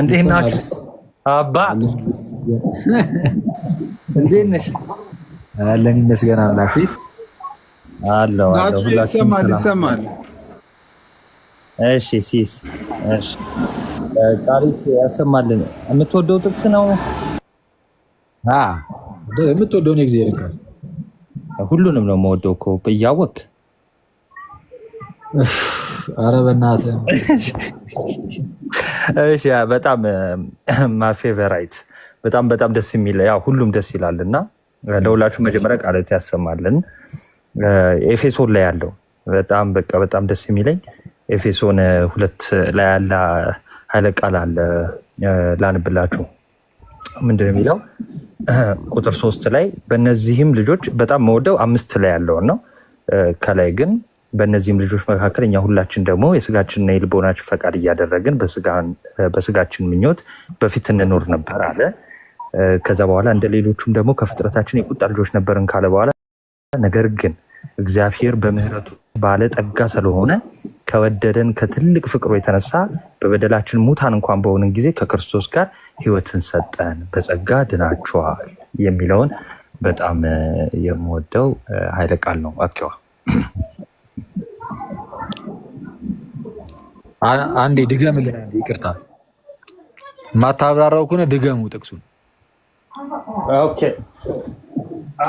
እንዴት ናችሁ? አባ እንዴት ነሽ? አለን ይመስገን አምላክ አለው አለው። ይሰማል ይሰማል። እሺ ሲስ እሺ፣ ቃሪት ያሰማልን። የምትወደው ጥቅስ ነው? አዎ የምትወደውን ጊዜ ይልካል። ሁሉንም ነው የምወደው እኮ እያወቅህ አረ በእናትህ እሺ። በጣም ማይ ፌቨራይት በጣም በጣም ደስ የሚል ያው ሁሉም ደስ ይላል እና ለሁላችሁ መጀመሪያ ቃለት ያሰማልን። ኤፌሶን ላይ ያለው በጣም በቃ በጣም ደስ የሚለኝ ኤፌሶን ሁለት ላይ ያለ ኃይለ ቃል አለ ላንብላችሁ። ምንድን የሚለው ቁጥር ሶስት ላይ በእነዚህም ልጆች በጣም መወደው አምስት ላይ ያለውን ነው። ከላይ ግን በእነዚህም ልጆች መካከል እኛ ሁላችን ደግሞ የስጋችንና የልቦናችን ፈቃድ እያደረግን በስጋችን ምኞት በፊት እንኖር ነበር አለ። ከዛ በኋላ እንደ ሌሎቹም ደግሞ ከፍጥረታችን የቁጣ ልጆች ነበርን ካለ በኋላ ነገር ግን እግዚአብሔር በምሕረቱ ባለጠጋ ስለሆነ ከወደደን ከትልቅ ፍቅሩ የተነሳ በበደላችን ሙታን እንኳን በሆንን ጊዜ ከክርስቶስ ጋር ሕይወትን ሰጠን። በጸጋ ድናችኋል የሚለውን በጣም የምወደው ኃይለ ቃል ነው። አኪዋ አንዴ ድገምልን። አንዴ ይቅርታ፣ ማታብራራው ከሆነ ድገሙ ጥቅሱን። ኦኬ።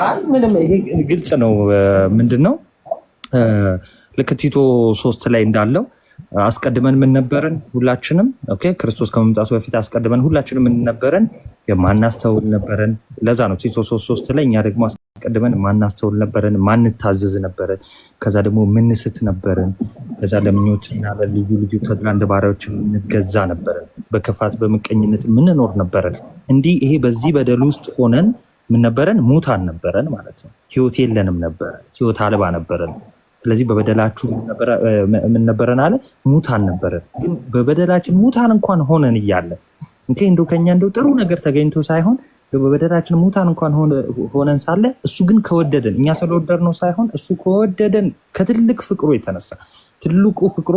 አይ ምንም ይሄ ግልጽ ነው። ምንድን ነው ልክ ቲቶ ሶስት ላይ እንዳለው አስቀድመን ምን ነበርን? ሁላችንም ኦኬ፣ ክርስቶስ ከመምጣቱ በፊት አስቀድመን ሁላችንም ምን ነበርን? የማናስተውል ነበርን። ለዛ ነው ቲቶ ሶስት ሶስት ላይ እኛ ደግሞ ቀድመን ማናስተውል ነበረን፣ ማንታዘዝ ነበረን። ከዛ ደግሞ ምንስት ነበረን። ከዛ እና ለልዩ ልዩ ተድላ እንደ ባሪያዎች እንገዛ ነበረን። በክፋት በምቀኝነት የምንኖር ነበረን። እንዲህ ይሄ በዚህ በደል ውስጥ ሆነን ምን ነበረን? ሙታን ነበረን ማለት ነው። ህይወት የለንም ነበረ፣ ህይወት አልባ ነበረን። ስለዚህ በበደላችሁ ምን ነበረን አለ? ሙታን ነበረን። ግን በበደላችን ሙታን እንኳን ሆነን እያለ እንደ ከኛ እንደው ጥሩ ነገር ተገኝቶ ሳይሆን በበደላችን ሙታን እንኳን ሆነን ሳለ እሱ ግን ከወደደን እኛ ነው ሳይሆን እሱ ከወደደን ከትልቅ ፍቅሩ የተነሳ ትልቁ ፍቅሩ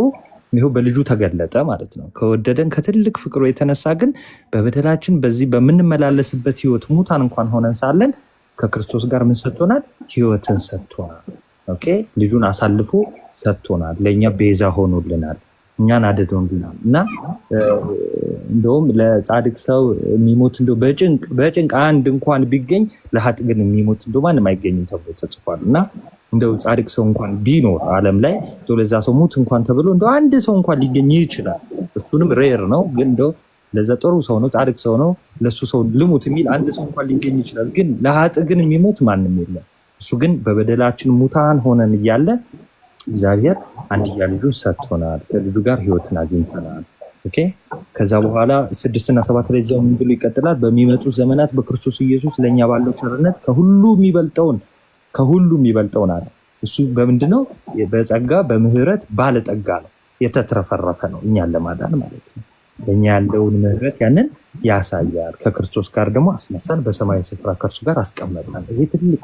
ይኸው በልጁ ተገለጠ ማለት ነው። ከወደደን ከትልቅ ፍቅሩ የተነሳ ግን በበደላችን በዚህ በምንመላለስበት ህይወት ሙታን እንኳን ሆነን ሳለን ከክርስቶስ ጋር ምን ሰጥቶናል? ህይወትን ሰጥቶናል። ኦኬ ልጁን አሳልፎ ሰጥቶናል። ለእኛ ቤዛ ሆኖልናል። እኛን ብናል እና እንደውም ለጻድቅ ሰው የሚሞት እንደው በጭንቅ አንድ እንኳን ቢገኝ ለሀጥ ግን የሚሞት እንደ ማንም አይገኝም ተብሎ ተጽፏል እና እንደው ጻድቅ ሰው እንኳን ቢኖር ዓለም ላይ ለዛ ሰው ሙት እንኳን ተብሎ እንደ አንድ ሰው እንኳን ሊገኝ ይችላል። እሱንም ሬር ነው፣ ግን እንደው ለዛ ጥሩ ሰው ነው ጻድቅ ሰው ነው ለሱ ሰው ልሙት የሚል አንድ ሰው እንኳን ሊገኝ ይችላል። ግን ለሀጥ ግን የሚሞት ማንም የለም። እሱ ግን በበደላችን ሙታን ሆነን እያለ እግዚአብሔር አንድያ ልጁን ሰጥቶናል። ከልጁ ጋር ህይወትን አግኝተናል። ኦኬ ከዛ በኋላ ስድስትና ሰባት ላይ ዚያው ምን ብሎ ይቀጥላል? በሚመጡ ዘመናት በክርስቶስ ኢየሱስ ለእኛ ባለው ቸርነት ከሁሉ የሚበልጠውን ከሁሉ የሚበልጠውን አለ። እሱ በምንድነው በጸጋ በምህረት ባለጠጋ ነው፣ የተትረፈረፈ ነው፣ እኛን ለማዳን ማለት ነው። በእኛ ያለውን ምህረት ያንን ያሳያል። ከክርስቶስ ጋር ደግሞ አስነሳን፣ በሰማያዊ ስፍራ ከእርሱ ጋር አስቀመጠን። ይሄ ትልቅ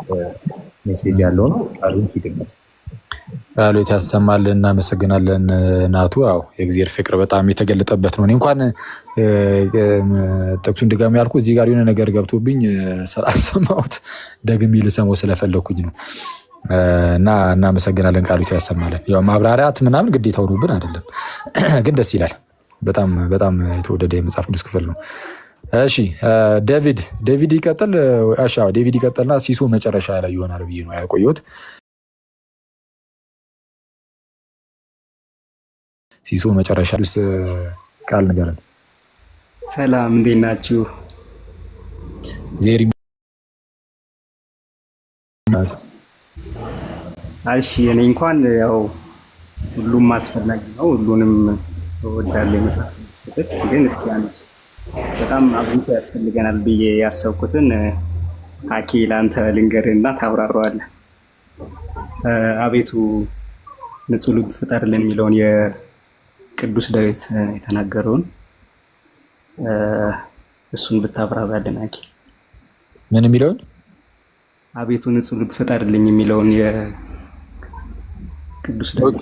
ሜሴጅ ያለው ነው። ቃሉን ሂድነት ቃሉን ያሰማልን። እናመሰግናለን ናቱ። ያው የእግዚአብሔር ፍቅር በጣም የተገለጠበት ነው። እኔ እንኳን ጥቅሱን ድጋሚ ያልኩ እዚህ ጋር የሆነ ነገር ገብቶብኝ ስላልሰማሁት ደግሜ ልሰማው ስለፈለግኩኝ ነው። እና እናመሰግናለን። ቃሉን ያሰማልን። ያው ማብራሪያት ምናምን ግዴታ ሆኖብን አይደለም፣ ግን ደስ ይላል። በጣም በጣም የተወደደ የመጽሐፍ ቅዱስ ክፍል ነው። እሺ ዴቪድ ዴቪድ ይቀጥል። ዴቪድ ይቀጥልና ሲሶ መጨረሻ ላይ ይሆናል ብዬ ነው ያቆየሁት። ሲሶ መጨረሻ ቅዱስ ቃል ንገረን። ሰላም እንዴት ናችሁ? ዜሪ እሺ፣ እኔ እንኳን ያው ሁሉም አስፈላጊ ነው፣ ሁሉንም እወዳለሁ የመጽሐፍ ግን እስኪ አንድ በጣም አብዝቶ ያስፈልገናል ብዬ ያሰብኩትን አኬ ለአንተ ልንገርና ታብራረዋለህ። አቤቱ ንጹሕ ልብ ፍጠር ለሚለውን ቅዱስ ዳዊት የተናገረውን እሱን ብታብራራልን አድናቂ ምን የሚለውን? አቤቱ ንጹሕ ልብ ፍጠርልኝ የሚለውን የቅዱስ ዳዊት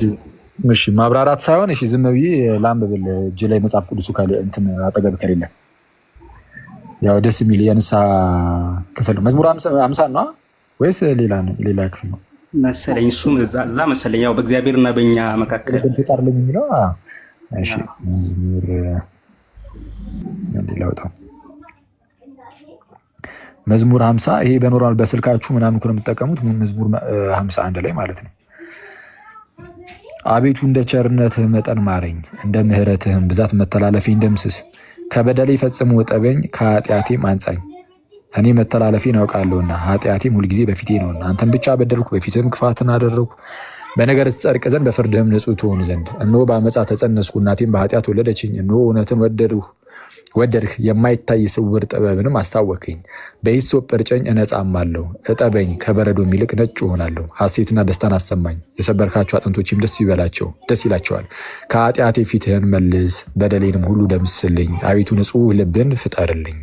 ማብራራት ሳይሆን እሺ፣ ዝም ብዬ ላንብብል። እጅ ላይ መጽሐፍ ቅዱሱ እንትን አጠገብ ከሌለ ያው ደስ የሚል የንሳ ክፍል ነው። መዝሙር አምሳን ነው ወይስ ሌላ ክፍል ነው? መሰለኝ እሱም እዛ መሰለኝ ያው በእግዚአብሔርና በእኛ መካከል ጣርለኝ የሚለው መዝሙር እንዲለውጠው መዝሙር ሀምሳ ይሄ በኖርማል በስልካችሁ ምናምን እኮ ነው የምትጠቀሙት። መዝሙር ሀምሳ አንድ ላይ ማለት ነው። አቤቱ እንደ ቸርነትህ መጠን ማረኝ፣ እንደ ምህረትህም ብዛት መተላለፌን ደምስስ። ከበደሌ ፈጽሞ እጠበኝ፣ ከኃጢአቴም አንጻኝ። እኔ መተላለፌን አውቃለሁና ኃጢአቴም ሁልጊዜ በፊቴ ነውና አንተን ብቻ በደልኩ፣ በፊትም ክፋትን አደረግኩ። በነገር ትጸድቅ ዘንድ በፍርድህም ንጹህ ትሆን ዘንድ። እነሆ በአመፃ ተጸነስኩ፣ እናቴም በኃጢአት ወለደችኝ። እነሆ እውነትን ወደድሁ ወደድህ የማይታይ ስውር ጥበብንም አስታወከኝ። በሂሶጵ እርጨኝ እነጻማለሁ፣ እጠበኝ ከበረዶ ይልቅ ነጭ እሆናለሁ። ሐሴትና ደስታን አሰማኝ፣ የሰበርካቸው አጥንቶችም ደስ ይበላቸው ደስ ይላቸዋል። ከኃጢአቴ ፊትህን መልስ፣ በደሌንም ሁሉ ደምስልኝ። አቤቱ ንጹህ ልብን ፍጠርልኝ።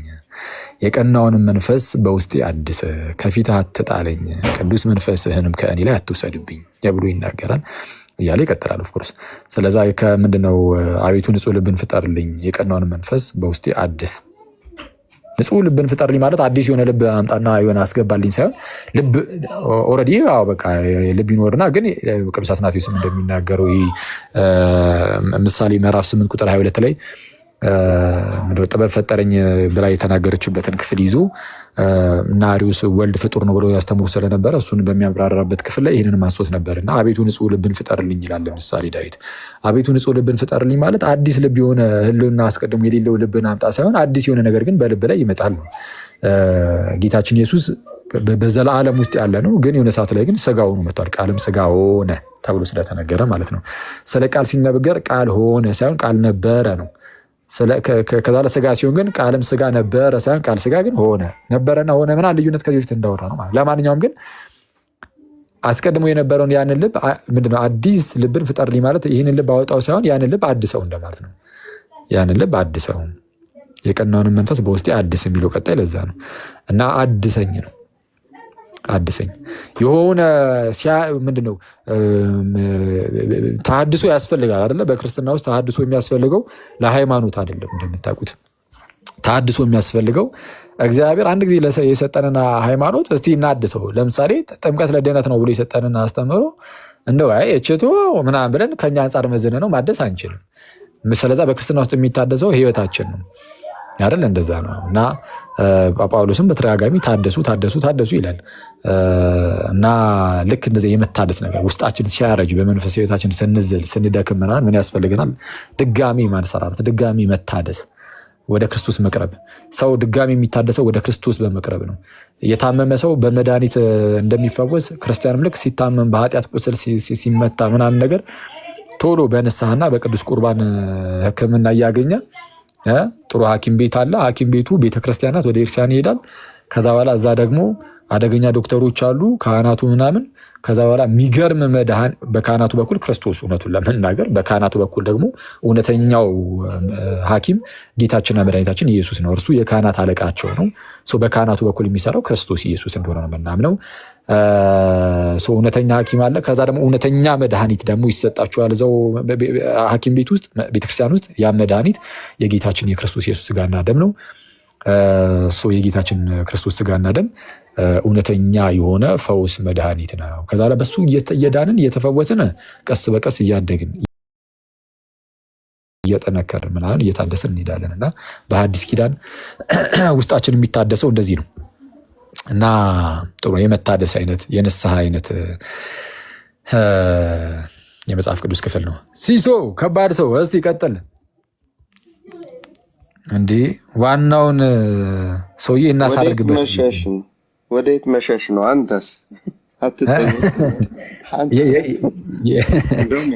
የቀናውንም መንፈስ በውስጤ አድስ፣ ከፊትህ አትጣለኝ፣ ቅዱስ መንፈስህንም ከእኔ ላይ አትውሰድብኝ ብሎ ይናገራል እያለ ይቀጥላል። ኦፍኮርስ ስለዛ ከምንድነው አቤቱ ንጹህ ልብን ፍጠርልኝ፣ የቀናውን መንፈስ በውስጤ አድስ። ንጹህ ልብን ፍጠርልኝ ማለት አዲስ የሆነ ልብ አምጣና የሆነ አስገባልኝ ሳይሆን ልብ ኦልሬዲ በቃ ልብ ይኖርና ግን ቅዱስ አትናቴዎስም እንደሚናገረው ምሳሌ ምዕራፍ ስምንት ቁጥር ሀያ ሁለት ላይ ጥበብ ፈጠረኝ ብላ የተናገረችበትን ክፍል ይዞ እና አሪውስ ወልድ ፍጡር ነው ብሎ ያስተምሩ ስለነበረ እሱን በሚያብራራበት ክፍል ላይ ይህንን ማስወት ነበር እና አቤቱ ንጹሕ ልብን ፍጠርልኝ ይላል። ለምሳሌ ዳዊት አቤቱ ንጹሕ ልብን ፍጠርልኝ ማለት አዲስ ልብ የሆነ ህልውና አስቀድሞ የሌለው ልብን አምጣ ሳይሆን አዲስ የሆነ ነገር ግን በልብ ላይ ይመጣል ነው ጌታችን ኢየሱስ በዘላለም ውስጥ ያለ ነው። ግን የሆነ ሰዓት ላይ ግን ስጋ ሆኖ መጥቷል። ቃልም ስጋ ሆነ ተብሎ ስለተነገረ ማለት ነው። ስለ ቃል ሲነገር ቃል ሆነ ሳይሆን ቃል ነበረ ነው። ከዛለ ስጋ ሲሆን ግን ቃልም ስጋ ነበረ ሳይሆን ቃል ስጋ ግን ሆነ ነበረና ሆነ ምና ልዩነት ከዚህ በፊት እንዳወራ ነው። ለማንኛውም ግን አስቀድሞ የነበረውን ያንን ልብ ምንድነው አዲስ ልብን ፍጠርልኝ ማለት ይህንን ልብ አወጣው ሳይሆን ያንን ልብ አድሰው እንደማለት ነው። ያንን ልብ አድሰው የቀናውንም መንፈስ በውስጤ አድስ የሚለው ቀጣይ ለዛ ነው እና አድሰኝ ነው አድሰኝ። የሆነ ምንድን ነው ያስፈልጋል አይደለ? በክርስትና ውስጥ ታድሶ የሚያስፈልገው ለሃይማኖት አይደለም እንደምታውቁት ታድሶ የሚያስፈልገው እግዚአብሔር አንድ ጊዜ የሰጠንን ሃይማኖት እስቲ እናድሰው። ለምሳሌ ጥምቀት ለድህነት ነው ብሎ የሰጠንን አስተምሮ እንደው አይ እችቶ ምናምን ብለን ከኛ አንጻር መዘነ ነው ማደስ አንችልም። ስለዛ በክርስትና ውስጥ የሚታደሰው ህይወታችን ነው። አይደል? እንደዛ ነው እና ጳውሎስም በተደጋጋሚ ታደሱ ታደሱ ታደሱ ይላል እና ልክ እንደዚህ የመታደስ ነገር ውስጣችን ሲያረጅ በመንፈስ ሕይወታችን ስንዝል ስንደክም ምናምን ምን ያስፈልገናል? ድጋሚ ማንሰራራት፣ ድጋሚ መታደስ፣ ወደ ክርስቶስ መቅረብ። ሰው ድጋሚ የሚታደሰው ወደ ክርስቶስ በመቅረብ ነው። የታመመ ሰው በመድኃኒት እንደሚፈወስ ክርስቲያንም ልክ ሲታመም በኃጢአት ቁስል ሲመታ ምናምን ነገር ቶሎ በንስሐና በቅዱስ ቁርባን ሕክምና እያገኘ ጥሩ ሐኪም ቤት አለ። ሐኪም ቤቱ ቤተክርስቲያናት ወደ ኤርሲያን ይሄዳል። ከዛ በኋላ እዛ ደግሞ አደገኛ ዶክተሮች አሉ፣ ካህናቱ ምናምን። ከዛ በኋላ የሚገርም መድኃኒ በካህናቱ በኩል ክርስቶስ እውነቱን ለመናገር በካህናቱ በኩል ደግሞ እውነተኛው ሐኪም ጌታችንና መድኃኒታችን ኢየሱስ ነው። እርሱ የካህናት አለቃቸው ነው። በካህናቱ በኩል የሚሰራው ክርስቶስ ኢየሱስ እንደሆነ ነው የምናምነው። እውነተኛ ሐኪም አለ። ከዛ ደግሞ እውነተኛ መድኃኒት ደግሞ ይሰጣችኋል እዛው ሐኪም ቤት ውስጥ ቤተክርስቲያን ውስጥ ያ መድኃኒት የጌታችን የክርስቶስ ኢየሱስ ስጋና ደም ነው። የጌታችን ክርስቶስ ስጋና ደም እውነተኛ የሆነ ፈውስ መድኃኒት ነው። ከዛ በሱ እየዳንን እየተፈወስን ቀስ በቀስ እያደግን እየጠነከርን ምናምን እየታደስን እንሄዳለን እና በሐዲስ ኪዳን ውስጣችን የሚታደሰው እንደዚህ ነው እና ጥሩ የመታደስ አይነት የንስሐ አይነት የመጽሐፍ ቅዱስ ክፍል ነው። ሲሶ ከባድ ሰው እስቲ ቀጥል። እንዲህ ዋናውን ሰውዬ እናሳርግበት ወዴት መሸሽ ነው? አንተስ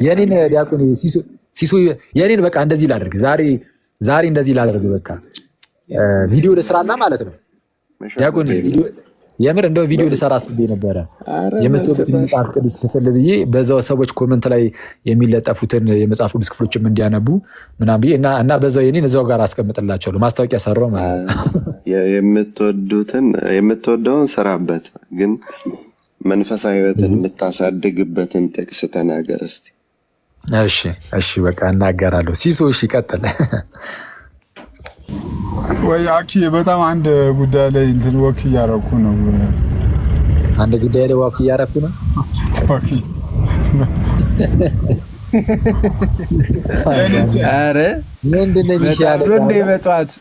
የኔን ዲያቆን ሲሱ የኔን በቃ እንደዚህ ላደርግ ዛሬ ዛሬ እንደዚህ ላደርግ በቃ ቪዲዮ ለስራና ማለት ነው ዲያቆን የምር እንደው ቪዲዮ ልሰራ አስቤ ነበረ። የምትወዱትን የመጽሐፍ ቅዱስ ክፍል ብዬ በዛው ሰዎች ኮመንት ላይ የሚለጠፉትን የመጽሐፍ ቅዱስ ክፍሎችም እንዲያነቡ ምናምን ብዬ እና እና በዛው የኔን እዛው ጋር አስቀምጥላቸዋለሁ። ማስታወቂያ ሰራው ማለት የምትወዱትን የምትወደውን ስራበት፣ ግን መንፈሳዊ ህይወትን የምታሳድግበትን ጥቅስ ተናገር እስኪ። እሺ፣ እሺ፣ በቃ እናገራለሁ። ሲሶ፣ እሺ፣ ይቀጥል ወይ አኪ በጣም አንድ ጉዳይ ላይ እንትን ወክ እያረኩ ነው። አንድ ጉዳይ ላይ ወክ እያረኩ ነው። ወክ አረ ምንድን ነው የሚሻለው? ሮዴ በጠዋት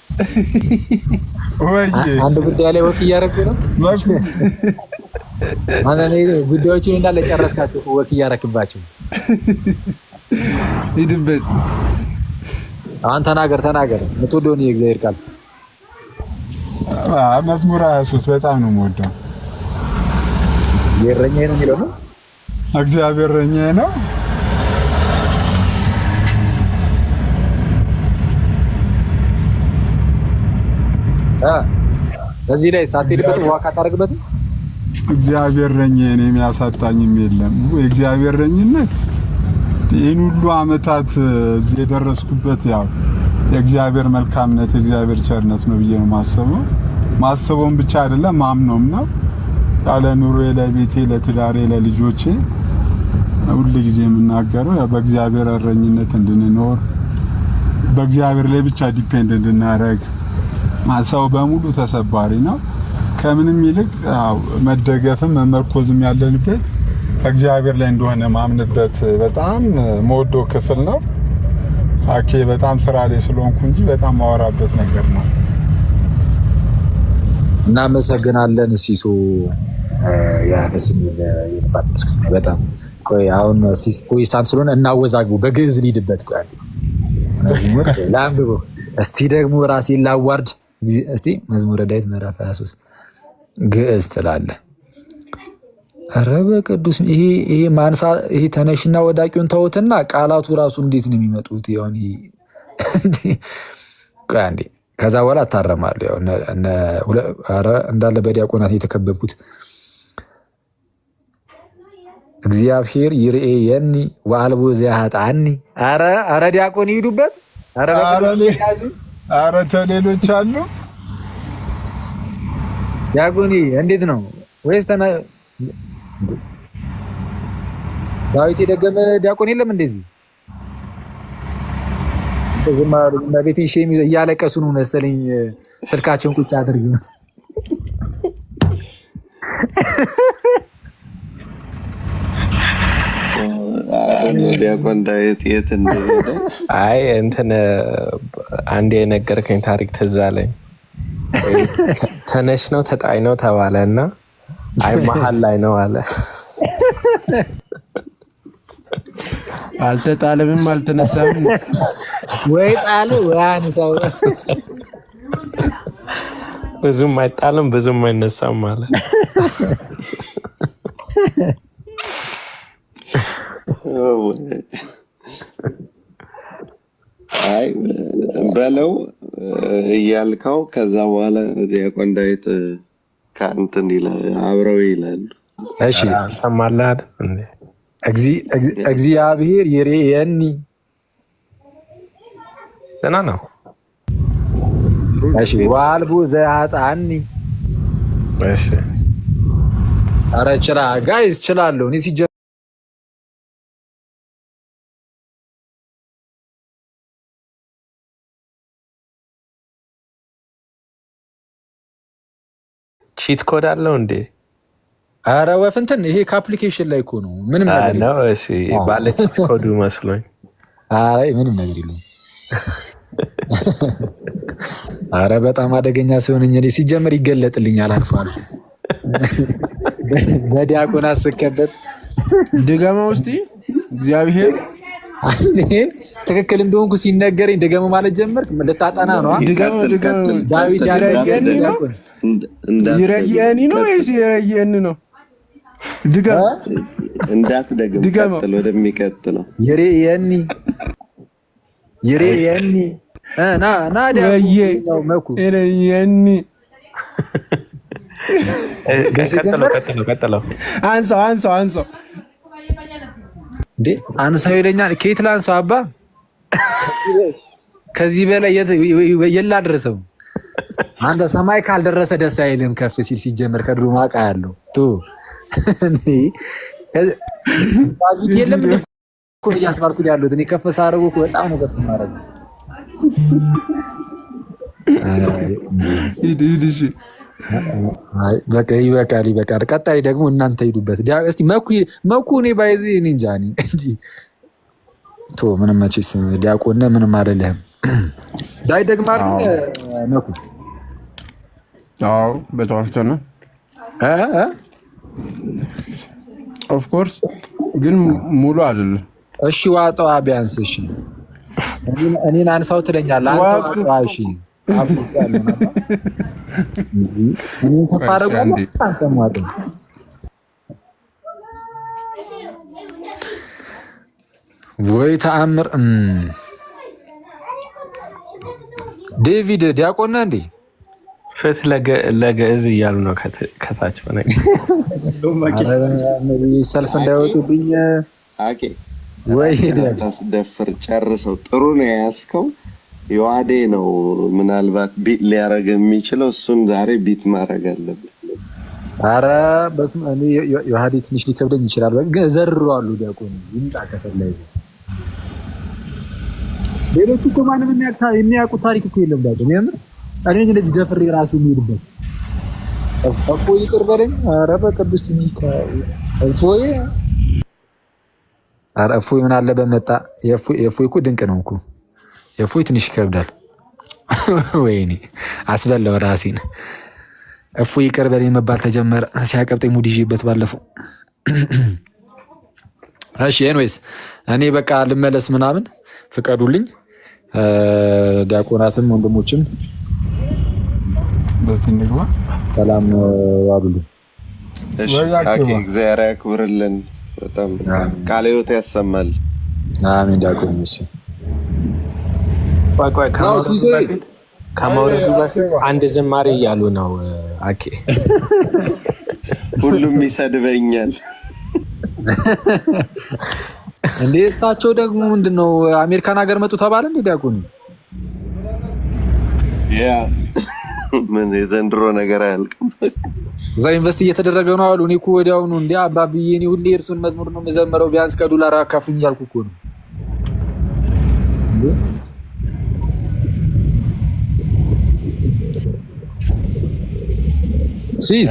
ወይ አንድ ጉዳይ ላይ ወክ እያረኩ ነው። አንዳንዴ ጉዳዮችን እንዳለ ጨረስካቸው ወክ እያረክባቸው ሂድበት አሁን ተናገር ተናገር የምትወደውን የእግዚአብሔር ቃል መዝሙር 23 በጣም ነው የምወደው። የእረኛዬ ነው የሚለው ነው። እግዚአብሔር እረኛዬ ነው እ እዚህ ላይ ሳትሄድበት ዋካ ታደርግበት እግዚአብሔር እረኛዬ ነው የሚያሳጣኝም የለም። የእግዚአብሔር እረኝነት ይህን ሁሉ አመታት የደረስኩበት ያው የእግዚአብሔር መልካምነት የእግዚአብሔር ቸርነት ነው ብዬ ነው ማሰበው። ማሰበውን ብቻ አይደለም ማምነውም ነው። ያለ ኑሮዬ፣ ለቤቴ፣ ለትዳሬ፣ ለልጆቼ ሁል ጊዜ የምናገረው በእግዚአብሔር እረኝነት እንድንኖር በእግዚአብሔር ላይ ብቻ ዲፔንድ እንድናደረግ። ሰው በሙሉ ተሰባሪ ነው። ከምንም ይልቅ መደገፍም መመርኮዝም ያለንበት እግዚአብሔር ላይ እንደሆነ ማምንበት በጣም መወዶ ክፍል ነው። አኬ በጣም ስራ ላይ ስለሆንኩ እንጂ በጣም ማወራበት ነገር ነው። እናመሰግናለን ሲሱ ያነስሚል በጣም ቆይ፣ አሁን ፕሮቴስታንት ስለሆነ እናወዛግቡ በግዕዝ ሊድበት ቆይ ለአንብቦ እስቲ ደግሞ ራሴን ላዋርድ እስቲ መዝሙረ ዳዊት ምዕራፍ 23 ግዕዝ ትላለህ ኧረ በቅዱስ ይሄ ይሄ ማንሳ ይሄ ተነሽና ወዳቂውን ተውትና ቃላቱ ራሱ እንዴት ነው የሚመጡት? ሆን ከዛ በኋላ አታረማሉ እንዳለ በዲያቆናት የተከበብኩት እግዚአብሔር ይርኤ የኒ ዋልቦ ዘያጣኒ። አረ ዲያቆን ይሄዱበት። አረ ተሌሎች አሉ ዲያቆን እንዴት ነው ወይስ ዳዊት የደገመ ዲያቆን የለም። እንደዚህ ቤቴ እያለቀሱ ነው መሰለኝ ስልካቸውን ቁጭ አድርግ ዲያቆን ዳዊት የት እንደሄደ አይ እንትን አንድ የነገርከኝ ታሪክ ትዝ አለኝ። ተነሽ ነው ተጣይ ነው ተባለ እና አይ መሀል ላይ ነው አለ። አልተጣለምም አልተነሳም። ወይ ጣል ወይ አንሳው። ብዙም አይጣልም ብዙም አይነሳም አለ። አይ በለው እያልከው ከዛ በኋላ ዲያቆን ዳዊት ከእንትን አብረው ይላሉ። እሺ ሰማላት እግዚአብሔር ይሬየኒ ደህና ነው። እሺ ዋልቡ ዘያጣኒ እሺ። ኧረ ችላ ጋይስ እችላለሁ እኔ ሲጀ ቺት ኮድ አለው እንዴ? አረ ወፍ እንትን ይሄ ከአፕሊኬሽን ላይ እኮ ነው። ምንም ነገር ባለ ቺት ኮዱ መስሎኝ። አይ ምንም ነገር የለም። አረ በጣም አደገኛ ሲሆንኝ እኔ ሲጀምር ይገለጥልኛል። አልፎ አልፎ በዲያቆን አስከበት ድገማ ውስጥ እግዚአብሔር ትክክል እንደሆንኩ ሲነገረኝ ድገም ማለት ጀመርክ። ልታጠና ነው? ዳዊት ይረየኒ ነው ወይስ ይረየኒ ነው? ድገም፣ እንዳትደግም፣ ቀጥል ወደሚቀጥለው። ይረየኒ ይረየኒ ና ና ይረየኒ አንሳው አንሳው አንሳው እንዴ አንሳው ይለኛል። ከየት ላንሳው አባ? ከዚህ በላይ የላ ደረሰው። አንተ ሰማይ ካልደረሰ ደስ አይልም። ከፍ ሲል ሲጀመር ከድሩ ማቃ ያለው ቱ የለም እያስባልኩት ያለሁት እኔ ከፍ ሳደርጉ በጣም ነው ከፍ ማረግ በቃ ይበቃል፣ ይበቃል። ቀጣይ ደግሞ እናንተ ሂዱበት። እስቲ መኩ እኔ ባይዚ እኔ እንጃ ቶ ምንም መቼስ ዲያቆነ ምንም አይደለህም። ዳይ ደግማል መኩ በተዋፍቶ ነው ኦፍኮርስ፣ ግን ሙሉ አይደለ። እሺ ዋጠዋ ቢያንስ እሺ፣ እኔን አንሳው ትለኛለህ። ወይ ተአምር ዴቪድ ዲያቆና እንዴ ፍት ለገእዝ እያሉ ነው። ከታች ሰልፍ እንዳይወጡብኝ። ወይ ደፍር ጨርሰው ጥሩ ነው የያዝከው የዋዴ ነው። ምናልባት ቢት ሊያረግ የሚችለው እሱን ዛሬ ቢት ማድረግ አለብን። አረ የዋዴ ትንሽ ሊከብደኝ ይችላል፣ ግን ዘሩ አሉ ዲያቆን ይምጣ ከፈለገ። ሌሎቹ እኮ ማንም የሚያውቁ ታሪክ እኮ የለም ዲያቆን። የምር እኔ እንደዚህ ደፍሬ ራሱ የሚሄድበት እፎ ይቅር በለኝ። አረ በቅዱስ ሚካኤል እፎዬ፣ አረ እፎዬ ምን አለ በመጣ የእፎዬ እኮ ድንቅ ነው እኮ እፎይ ትንሽ ይከብዳል። ወይኔ አስበለው ራሴን። እፎይ ይቅር በለኝ መባል ተጀመረ። ሲያቀብጠኝ ሙድ ይዤበት ባለፈው። እሺ ኤንዌይስ እኔ በቃ ልመለስ ምናምን ፍቀዱልኝ። ዲያቆናትም ወንድሞችም በዚህ እንግባ። ሰላም ዋሉልኝ። እግዚአብሔር ያክብርልን። በጣም ቃለ ሕይወት ያሰማል። አሜን ዲያቆን ቆይ ቆይ ከማውረዱ በፊት አንድ ዝማሬ እያሉ ነው። አኬ ሁሉም ይሰድበኛል። እንዴ እሳቸው ደግሞ ምንድን ነው አሜሪካን ሀገር መጡ ተባለ። እንዴ ዲያቆን ምን የዘንድሮ ነገር አያልቅም። እዛ ኢንቨስት እየተደረገ ነው አሉ። እኔ እኮ ወዲያውኑ እንዲ አባብዬ እኔ ሁሌ እርሱን መዝሙር ነው የምዘምረው ቢያንስ ከዶላር አካፍኝ እያልኩ እኮ ነው ሲስ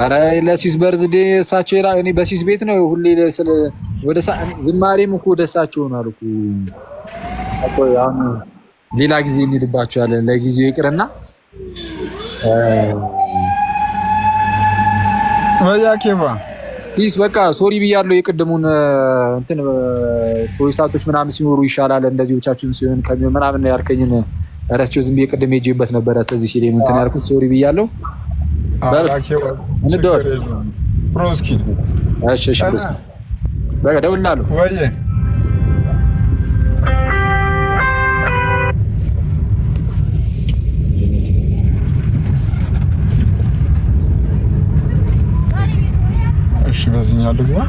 አረ ለሲስ በርዝዴ እሳቸው ይላል። እኔ በሲስ ቤት ነው ሁሌ ወደ ዝማሬም እኮ ወደ እሳቸው ሆኗል እኮ። አሁን ሌላ ጊዜ እንሄድባቸዋለን። ለጊዜው ይቅርና ወያኬባ ሲስ በቃ ሶሪ ብያለሁ። የቅድሙን እንትን ፕሮቴስታንቶች ምናምን ሲኖሩ ይሻላል እንደዚህ ብቻችሁን ሲሆን ከምናምን ያልከኝን እራቸው ዝም ብዬ ቅድም ሄጄበት ነበረ ተዚህ ሲል እንትን ያልኩት ሶሪ ብያለሁ። ብሮስኪ እሺ በዚህኛው ልግባ።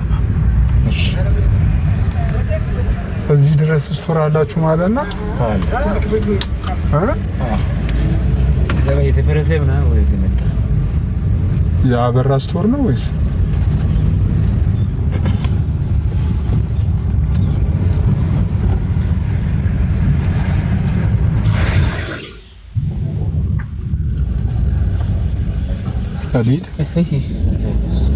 እዚህ ድረስ ስቶር አላችሁ ማለት ነው። የተፈረሰ ምናምን መጣ። የአበራ ስቶር ነው ወይስ አቤት